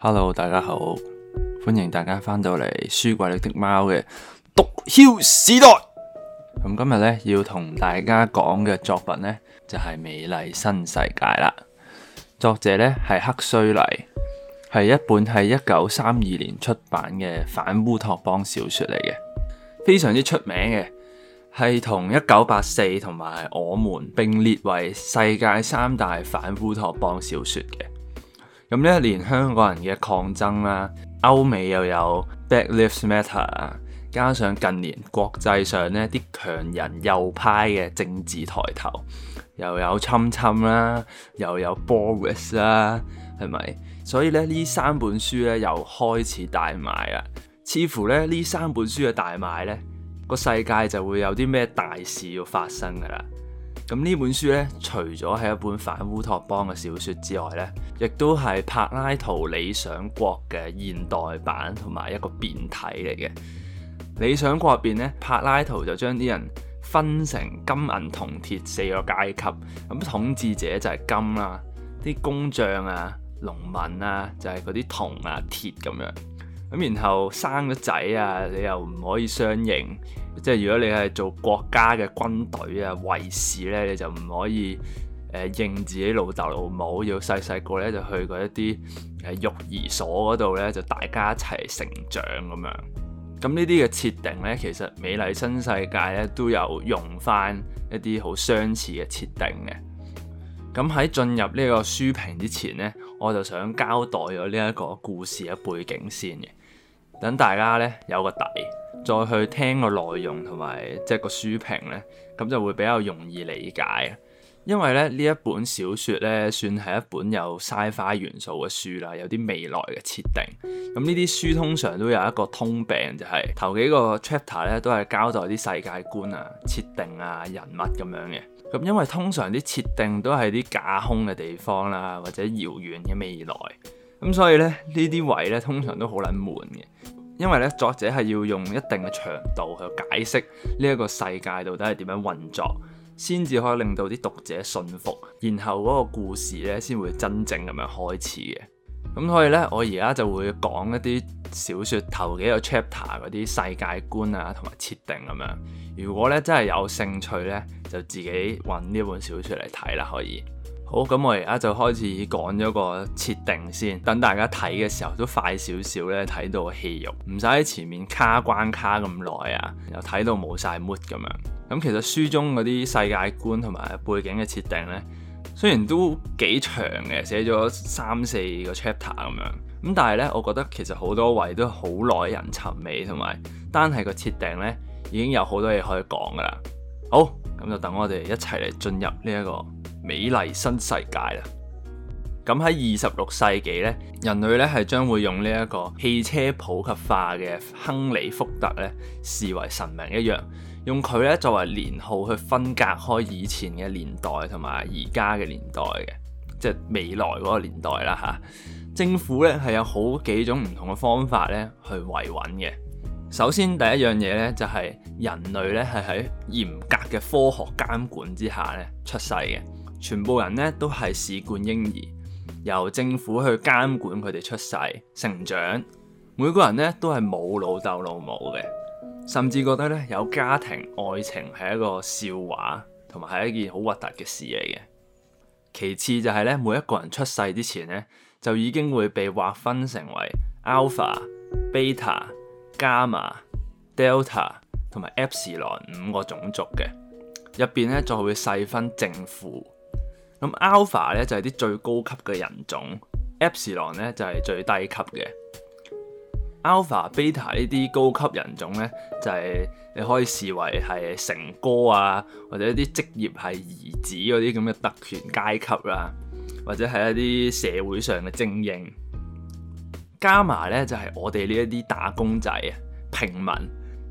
Hello，大家好，歡迎大家返到嚟書櫃裏的貓嘅讀囂時代。咁今日呢要同大家講嘅作品呢，就係美麗新世界啦。作者呢係赫胥黎，係一本係一九三二年出版嘅反烏托邦小說嚟嘅，非常之出名嘅，係同一九八四同埋我們並列為世界三大反烏托邦小說嘅。咁呢連香港人嘅抗爭啦，歐美又有 Black Lives Matter，啊，加上近年國際上呢啲強人右派嘅政治抬頭，又有侵侵啦，又有 Boris 啦，係咪？所以咧呢三本書咧又開始大賣啦，似乎咧呢三本書嘅大賣咧，個世界就會有啲咩大事要發生噶啦。咁呢本書呢，除咗係一本反烏托邦嘅小説之外呢，亦都係柏拉圖《理想國》嘅現代版同埋一個變體嚟嘅。理想國入邊呢，柏拉圖就將啲人分成金銀銅鐵四個階級，咁統治者就係金啦、啊，啲工匠啊、農民啊就係嗰啲銅啊、鐵咁樣。咁然後生咗仔啊，你又唔可以相認，即係如果你係做國家嘅軍隊啊、衛士咧，你就唔可以誒、呃、認自己老豆老母，要細細個咧就去嗰一啲誒育兒所嗰度咧，就大家一齊成長咁樣。咁呢啲嘅設定咧，其實《美麗新世界》咧都有用翻一啲好相似嘅設定嘅。咁喺進入呢個書評之前咧，我就想交代咗呢一個故事嘅背景先嘅。等大家咧有個底，再去聽個內容同埋即係個書評咧，咁就會比較容易理解。因為咧呢一本小説咧算係一本有 sci-fi 元素嘅書啦，有啲未來嘅設定。咁呢啲書通常都有一個通病，就係頭幾個 chapter 咧都係交代啲世界觀啊、設定啊、人物咁樣嘅。咁因為通常啲設定都係啲架空嘅地方啦，或者遙遠嘅未來。咁所以咧，呢啲位咧通常都好撚悶嘅，因為咧作者係要用一定嘅長度去解釋呢一個世界到底係點樣運作，先至可以令到啲讀者信服，然後嗰個故事咧先會真正咁樣開始嘅。咁、嗯、所以咧，我而家就會講一啲小説頭幾個 chapter 嗰啲世界觀啊，同埋設定咁、啊、樣。如果咧真係有興趣咧，就自己揾呢本小説嚟睇啦，可以。好，咁我而家就開始講咗個設定先，等大家睇嘅時候都快少少咧，睇到戲肉唔使喺前面卡關卡咁耐啊，又睇到冇晒 mood 咁樣。咁其實書中嗰啲世界觀同埋背景嘅設定呢，雖然都幾長嘅，寫咗三四個 chapter 咁樣，咁但係呢，我覺得其實好多位都好耐人尋味，同埋單係個設定呢，已經有好多嘢可以講噶啦。好，咁就等我哋一齊嚟進入呢、這、一個。美麗新世界啦！咁喺二十六世紀咧，人類咧係將會用呢一個汽車普及化嘅亨利福特咧，視為神明一樣，用佢咧作為年號去分隔開以前嘅年代同埋而家嘅年代嘅，即係未來嗰個年代啦嚇。政府咧係有好幾種唔同嘅方法咧去維穩嘅。首先第一樣嘢咧就係人類咧係喺嚴格嘅科學監管之下咧出世嘅。全部人呢都係試管嬰兒，由政府去監管佢哋出世成長。每個人呢都係冇老竇老母嘅，甚至覺得呢有家庭愛情係一個笑話，同埋係一件好核突嘅事嚟嘅。其次就係呢，每一個人出世之前呢，就已經會被劃分成為 alpha、beta、gamma、delta 同埋 epsilon 五個種族嘅，入邊呢，再會細分正負。咁 alpha 咧就係啲最高級嘅人種，epsilon 咧就係最低級嘅。alpha、beta 呢啲高級人種咧，就係你可以視為係成哥啊，或者一啲職業係兒子嗰啲咁嘅特權階級啦，或者係一啲社會上嘅精英。gamma 咧就係我哋呢一啲打工仔啊、平民，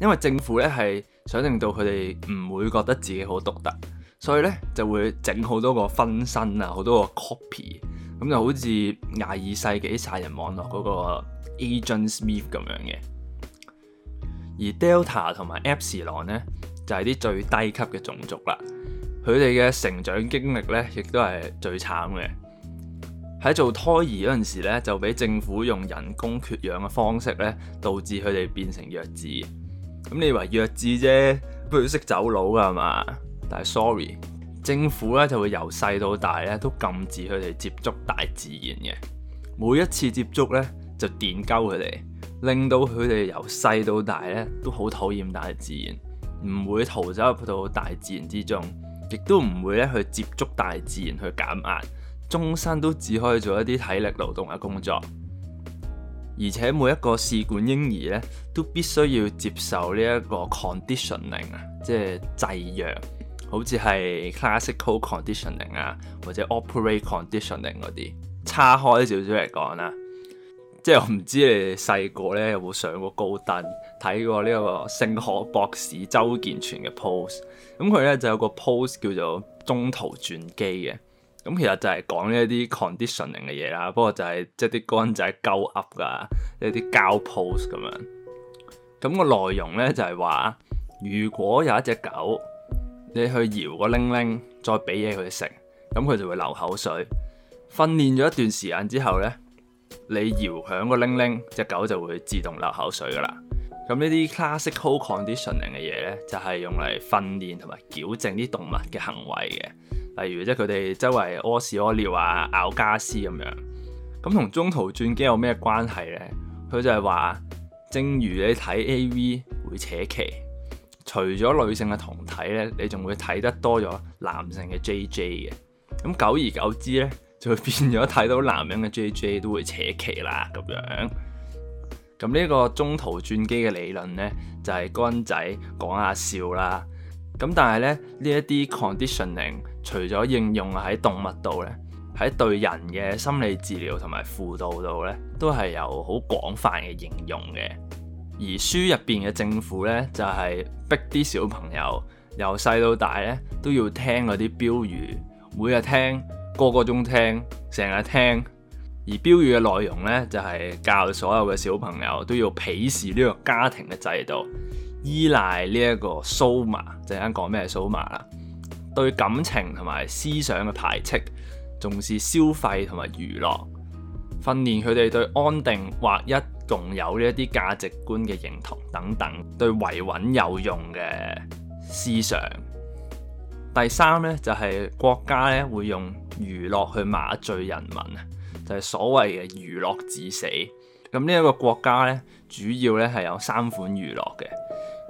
因為政府咧係想令到佢哋唔會覺得自己好獨特。所以咧就會整好多個分身啊，好多個 copy 咁就好似廿二世紀殺人網絡嗰個 Agent Smith 咁樣嘅。而 Delta 同埋 Epsilon 呢就係啲最低級嘅種族啦。佢哋嘅成長經歷咧，亦都係最慘嘅。喺做胎兒嗰陣時咧，就俾政府用人工缺氧嘅方式咧，導致佢哋變成弱智。咁你以為弱智啫，不如識走佬噶嘛？但係，sorry，政府咧就會由細到大咧都禁止佢哋接觸大自然嘅。每一次接觸咧就電鳩佢哋，令到佢哋由細到大咧都好討厭大自然，唔會逃走入到大自然之中，亦都唔會咧去接觸大自然去減壓，終生都只可以做一啲體力勞動嘅工作。而且每一個試管嬰兒咧都必須要接受呢一個 conditioning 啊，即係制約。好似係 classical conditioning 啊，或者 operate conditioning 嗰啲，叉開少少嚟講啦。即係我唔知你哋細個咧有冇上過高登睇過呢一個性學博士周健全嘅 post。咁佢咧就有個 post 叫做中途轉機嘅。咁其實就係講一啲 conditioning 嘅嘢啦，不過就係即係啲高登仔鳩噏㗎，一啲膠 post 咁樣。咁、個內容咧就係、是、話，如果有一隻狗，你去搖個鈴鈴，再俾嘢佢食，咁佢就會流口水。訓練咗一段時間之後呢，你搖響個鈴鈴，隻狗就會自動流口水噶啦。咁呢啲 classical conditioning 嘅嘢呢，就係用嚟訓練同埋矯正啲動物嘅行為嘅，例如即係佢哋周圍屙屎屙尿啊、咬傢俬咁樣。咁同中途轉機有咩關係呢？佢就係話，正如你睇 AV 會扯旗。除咗女性嘅胴體咧，你仲會睇得多咗男性嘅 JJ 嘅，咁久而久之咧，就會變咗睇到男人嘅 JJ 都會扯旗啦咁樣。咁呢個中途轉機嘅理論咧，就係、是、軍仔講下笑啦。咁但係咧，呢一啲 conditioning 除咗應用喺動物度咧，喺對人嘅心理治療同埋輔導度咧，都係有好廣泛嘅應用嘅。而書入邊嘅政府呢，就係逼啲小朋友由細到大呢都要聽嗰啲標語，每日聽，個個鐘聽，成日聽。而標語嘅內容呢，就係教所有嘅小朋友都要鄙視呢個家庭嘅制度，依賴呢一個蘇麻，陣間講咩蘇麻啦，對感情同埋思想嘅排斥，重視消費同埋娛樂，訓練佢哋對安定或一。仲有呢一啲價值觀嘅認同等等，對維穩有用嘅思想。第三呢，就係國家呢會用娛樂去麻醉人民啊，就係所謂嘅娛樂致死。咁呢一個國家呢，主要呢係有三款娛樂嘅。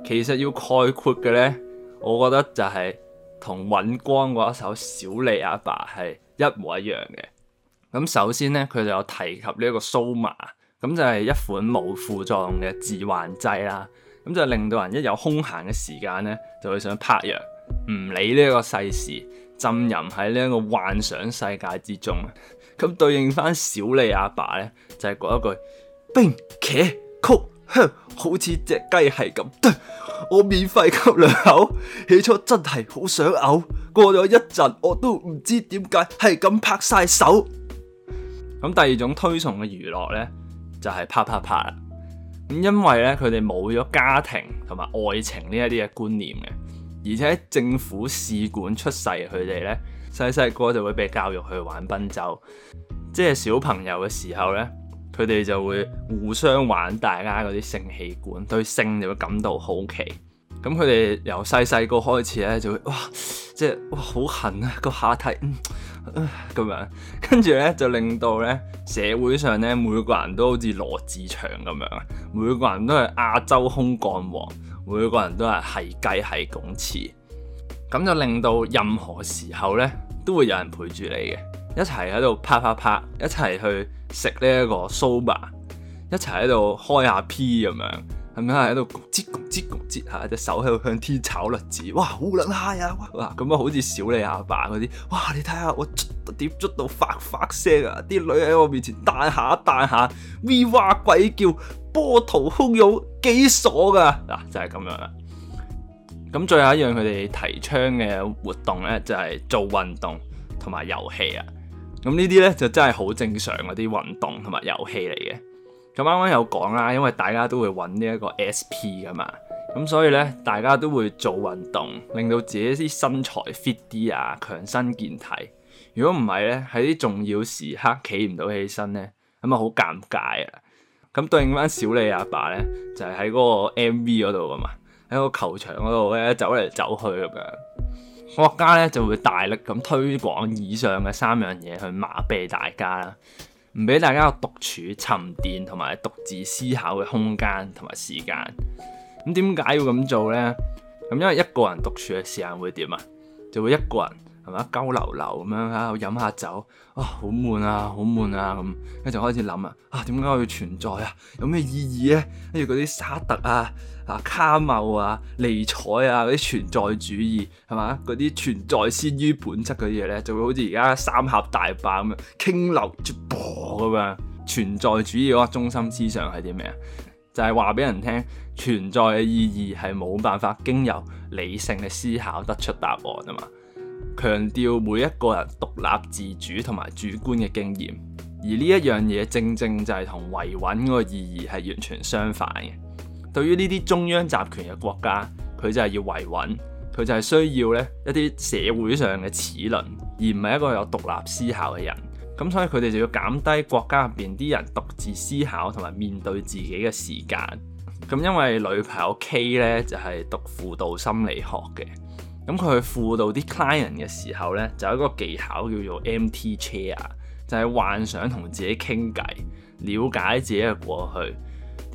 其實要概括嘅呢，我覺得就係同尹光嗰一首《小李阿爸》係一模一樣嘅。咁首先呢，佢就有提及呢一個蘇麻。咁就係一款冇副作用嘅自幻劑啦，咁就令到人一有空閒嘅時間呢，就會想拍藥，唔理呢個世事，浸淫喺呢個幻想世界之中。咁對應翻小李阿爸呢，就係、是、講一句冰茄曲，哼，好似隻雞係咁，我免費吸兩口，起初真係好想嘔，過咗一陣，我都唔知點解係咁拍晒手。咁第二種推崇嘅娛樂呢。就係啪啪啪啦，咁因為咧佢哋冇咗家庭同埋愛情呢一啲嘅觀念嘅，而且政府試管出世佢哋咧，細細個就會被教育去玩賓周，即係小朋友嘅時候咧，佢哋就會互相玩大家嗰啲性器官，對性就會感到好奇，咁佢哋由細細個開始咧就會哇，即係哇好痕啊個下體、嗯唉，咁樣，跟住呢就令到呢社會上呢，每個人都好似羅志祥咁樣，每個人都係亞洲空幹王，每個人都係係雞係拱翅，咁就令到任何時候呢，都會有人陪住你嘅，一齊喺度啪啪啪，一齊去食呢一個 soba，一齊喺度開下 P 咁樣。咁咪喺度拱吱拱折拱折下？隻手喺度向天炒栗子哇、啊，哇好撚嗨呀！哇咁啊，好似小李阿伯嗰啲，哇你睇下我捽碟捽到發發聲啊！啲女喺我面前彈下彈下，we 哇鬼叫，波濤洶湧，幾傻噶啊！就係、是、咁樣啦。咁最後一樣佢哋提倡嘅活動咧，就係、是、做運動同埋遊戲啊。咁呢啲咧就真係好正常嗰啲運動同埋遊戲嚟嘅。咁啱啱有講啦，因為大家都會揾呢一個 SP 噶嘛，咁所以呢，大家都會做運動，令到自己啲身材 fit 啲啊，強身健體。如果唔係呢，喺啲重要時刻企唔到起身呢，咁啊好尷尬啊！咁對應翻小李阿爸呢，就係喺嗰個 MV 嗰度啊嘛，喺個球場嗰度呢，走嚟走去咁樣。國家呢，就會大力咁推廣以上嘅三樣嘢去麻痹大家啦。唔俾大家個獨處、沉澱同埋獨自思考嘅空間同埋時間。咁點解要咁做呢？咁因為一個人獨處嘅時候會點呀？就會一個人。係嘛？交流流咁樣嚇，飲下酒啊，好、哦、悶啊，好悶啊咁，跟住開始諗啊，啊點解我要存在啊？有咩意義咧？跟住嗰啲沙特啊、啊卡茂啊、尼采啊嗰啲存在主義係嘛？嗰啲存在先於本質嗰啲嘢咧，就會好似而家三峽大壩咁樣傾流出波咁樣。存在主義嗰個中心思想係啲咩啊？就係話俾人聽，存在嘅意義係冇辦法經由理性嘅思考得出答案啊嘛。強調每一個人獨立自主同埋主觀嘅經驗，而呢一樣嘢正正就係同維穩嗰個意義係完全相反嘅。對於呢啲中央集權嘅國家，佢就係要維穩，佢就係需要呢一啲社會上嘅齒輪，而唔係一個有獨立思考嘅人。咁所以佢哋就要減低國家入邊啲人獨自思考同埋面對自己嘅時間。咁因為女朋友 K 呢，就係讀輔導心理學嘅。咁佢去輔導啲 client 嘅時候呢，就有一個技巧叫做 MT chair，就係幻想同自己傾偈，了解自己嘅過去，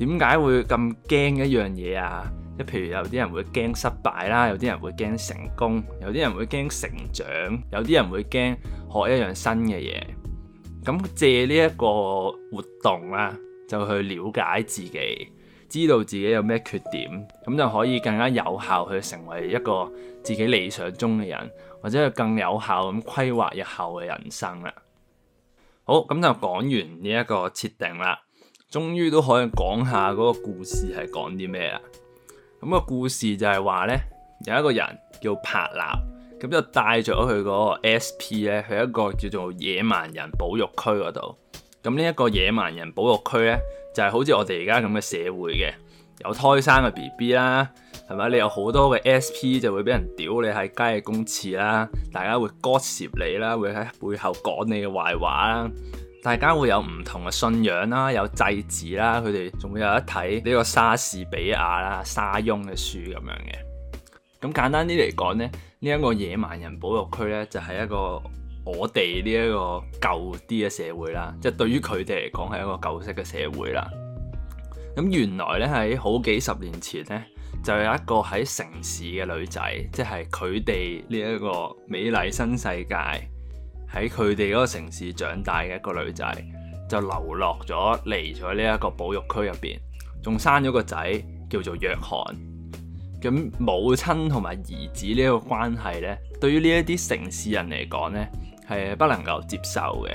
點解會咁驚一樣嘢啊？即係譬如有啲人會驚失敗啦，有啲人會驚成功，有啲人會驚成長，有啲人會驚學一樣新嘅嘢。咁借呢一個活動啦，就去了解自己。知道自己有咩缺點，咁就可以更加有效去成為一個自己理想中嘅人，或者去更有效咁規劃日後嘅人生啦。好，咁就講完呢一個設定啦，終於都可以講下嗰個故事係講啲咩啦。咁個故事就係話呢，有一個人叫帕納，咁就帶咗佢嗰個 SP 咧去一個叫做野蠻人保育區嗰度。咁呢一個野蠻人保育區呢，就係好似我哋而家咁嘅社會嘅，有胎生嘅 BB 啦，係咪啊？你有好多嘅 SP 就會俾人屌你喺街嘅公廁啦，大家會 gossip 你啦，會喺背後講你嘅壞話啦，大家會有唔同嘅信仰啦，有祭祀啦，佢哋仲會有一睇呢個莎士比亞啦、沙翁嘅書咁樣嘅。咁簡單啲嚟講呢，呢一個野蠻人保育區呢，就係一個。我哋呢一個舊啲嘅社會啦，即係對於佢哋嚟講係一個舊式嘅社會啦。咁原來呢，喺好幾十年前呢，就有一個喺城市嘅女仔，即係佢哋呢一個美麗新世界喺佢哋嗰個城市長大嘅一個女仔，就流落咗嚟咗呢一個保育區入邊，仲生咗個仔叫做約翰。咁母親同埋兒子呢個關係呢，對於呢一啲城市人嚟講呢，係不能夠接受嘅，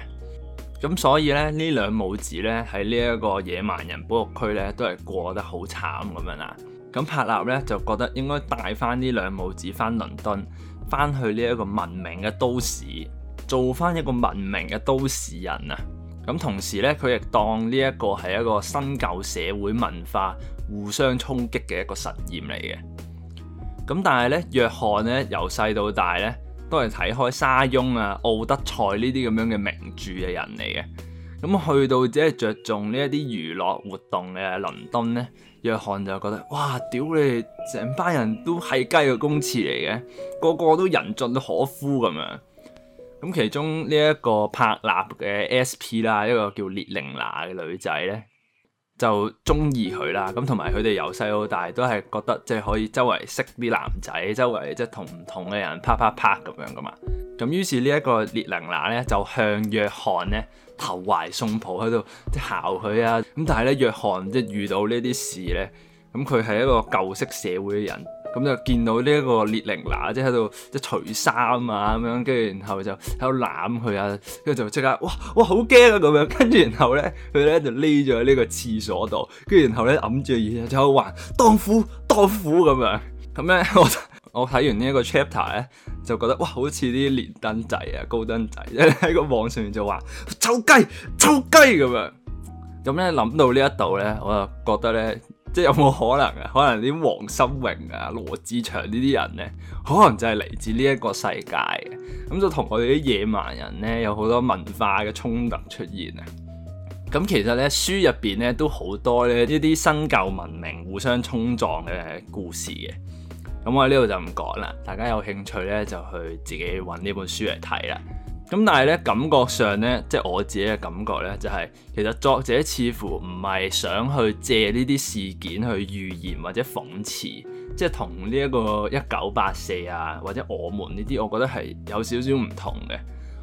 咁所以咧呢兩母子咧喺呢一個野蠻人保護區咧都係過得好慘咁樣啊！咁帕納咧就覺得應該帶翻呢兩母子翻倫敦，翻去呢一個文明嘅都市，做翻一個文明嘅都市人啊！咁同時咧佢亦當呢一個係一個新舊社會文化互相衝擊嘅一個實驗嚟嘅。咁但係咧約翰咧由細到大咧。都係睇開沙翁啊、奧德賽呢啲咁樣嘅名著嘅人嚟嘅，咁去到只係着重呢一啲娛樂活動嘅倫敦呢，約翰就覺得哇，屌你！成班人都係雞嘅公廁嚟嘅，個個都人盡可夫咁樣。咁其中呢一個柏納嘅 S.P. 啦，一個叫列寧娜嘅女仔呢。就中意佢啦，咁同埋佢哋由細到大都係覺得即係可以周圍識啲男仔，周圍即係同唔同嘅人啪啪啪咁樣噶嘛。咁於是呢一個列寧娜咧就向約翰咧投懷送抱喺度即係姣佢啊。咁但係咧約翰即係遇到呢啲事咧，咁佢係一個舊式社會嘅人。咁就見到呢一個列寧娜，即喺度即除衫啊咁樣，跟住然後就喺度攬佢啊，跟住就即刻哇哇好驚啊咁樣，跟住然後咧佢咧就匿咗喺呢個廁所度，跟住然後咧揞住耳，就話當夫當夫咁樣，咁咧我我睇完呢一個 chapter 咧，就覺得哇好似啲連登仔啊高登仔，即係喺個網上面就話臭雞臭雞咁樣，咁咧諗到呢一度咧，我就覺得咧。即係有冇可能啊？可能啲黃心穎啊、羅志祥呢啲人呢，可能就係嚟自呢一個世界嘅。咁就同我哋啲野蠻人呢，有好多文化嘅衝突出現啊！咁其實呢，書入邊呢都好多呢呢啲新舊文明互相衝撞嘅故事嘅。咁我呢度就唔講啦，大家有興趣呢，就去自己搵呢本書嚟睇啦。咁但係咧，感覺上咧，即係我自己嘅感覺咧、就係，就係其實作者似乎唔係想去借呢啲事件去預言或者諷刺，即係同呢一個一九八四啊或者我們呢啲，我覺得係有少少唔同嘅。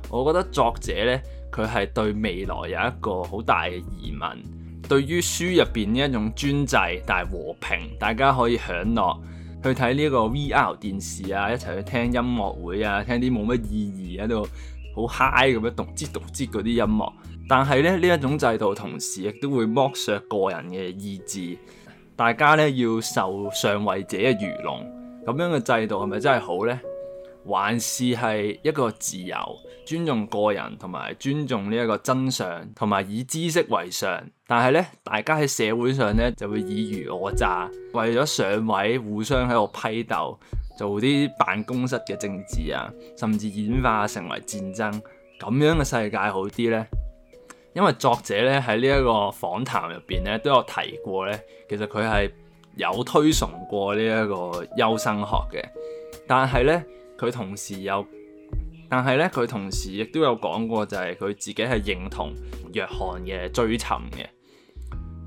我覺得作者咧，佢係對未來有一個好大嘅疑問，對於書入邊呢一種專制但係和平，大家可以享樂去睇呢一個 VR 電視啊，一齊去聽音樂會啊，聽啲冇乜意義喺、啊、度。好 high 咁樣讀知讀知嗰啲音樂，但係咧呢一種制度同時亦都會剝削個人嘅意志，大家咧要受上位者嘅愚弄，咁樣嘅制度係咪真係好呢？還是係一個自由、尊重個人同埋尊重呢一個真相同埋以知識為上？但係呢，大家喺社會上呢就會以虞我詐，為咗上位互相喺度批鬥。做啲辦公室嘅政治啊，甚至演化成為戰爭，咁樣嘅世界好啲呢？因為作者呢喺呢一個訪談入邊呢都有提過呢，其實佢係有推崇過呢一個優生學嘅，但係呢，佢同時有，但係呢，佢同時亦都有講過，就係佢自己係認同約翰嘅追尋嘅。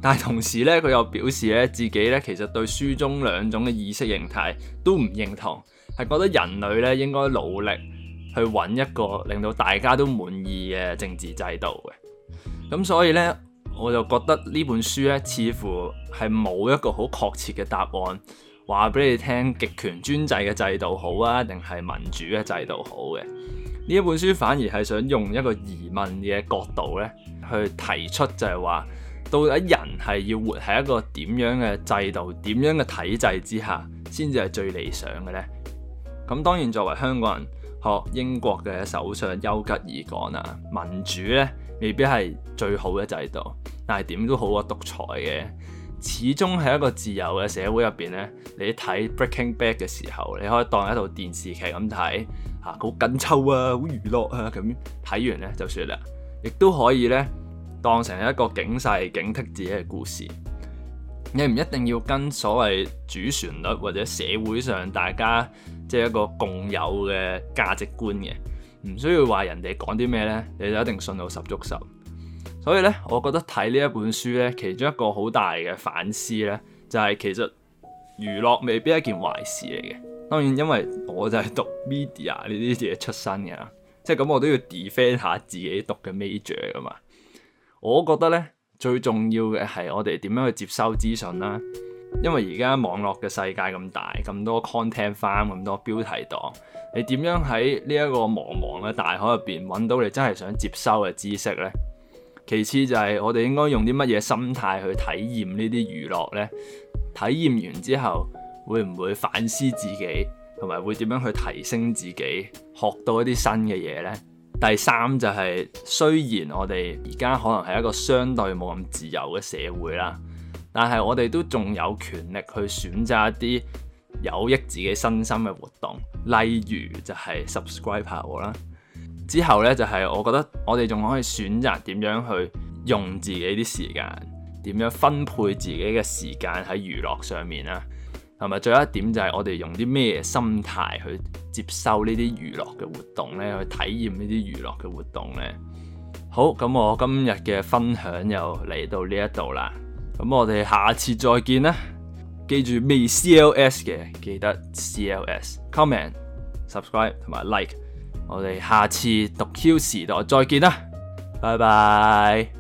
但係同時咧，佢又表示咧，自己咧其實對書中兩種嘅意識形態都唔認同，係覺得人類咧應該努力去揾一個令到大家都滿意嘅政治制度嘅。咁所以咧，我就覺得呢本書咧，似乎係冇一個好確切嘅答案，話俾你聽極權專制嘅制度好啊，定係民主嘅制度好嘅。呢一本書反而係想用一個疑問嘅角度咧，去提出就係話。到底人係要活喺一個點樣嘅制度、點樣嘅體制之下，先至係最理想嘅呢？咁當然作為香港人，學英國嘅首相丘吉爾講啦，民主咧未必係最好嘅制度，但係點都好過獨裁嘅。始終喺一個自由嘅社會入邊咧，你睇 Breaking Bad 嘅時候，你可以當一套電視劇咁睇嚇，好緊湊啊，好、啊、娛樂啊，咁睇完咧就算啦，亦都可以咧。當成係一個警世、警惕自己嘅故事，你唔一定要跟所謂主旋律或者社會上大家即係一個共有嘅價值觀嘅，唔需要話人哋講啲咩咧，你就一定信到十足十。所以咧，我覺得睇呢一本書咧，其中一個好大嘅反思咧，就係其實娛樂未必係一件壞事嚟嘅。當然，因為我就係讀 media 呢啲嘢出身嘅啦，即係咁，我都要 defend 下自己讀嘅 major 噶嘛。我覺得咧，最重要嘅係我哋點樣去接收資訊啦。因為而家網絡嘅世界咁大，咁多 content farm，咁多標題黨，你點樣喺呢一個茫茫嘅大海入邊揾到你真係想接收嘅知識呢？其次就係我哋應該用啲乜嘢心態去體驗呢啲娛樂呢？體驗完之後，會唔會反思自己，同埋會點樣去提升自己，學到一啲新嘅嘢呢？第三就係、是，雖然我哋而家可能係一個相對冇咁自由嘅社會啦，但係我哋都仲有權力去選擇一啲有益自己身心嘅活動，例如就係 subscribe 我啦。之後呢，就係、是、我覺得我哋仲可以選擇點樣去用自己啲時間，點樣分配自己嘅時間喺娛樂上面啦。同埋最後一點就係我哋用啲咩心態去接收呢啲娛樂嘅活動呢，去體驗呢啲娛樂嘅活動呢。好，咁我今日嘅分享又嚟到呢一度啦。咁我哋下次再見啦。記住未 CLS 嘅，記得 CLS comment、subscribe 同埋 like。我哋下次讀 Q 時代再見啦，拜拜。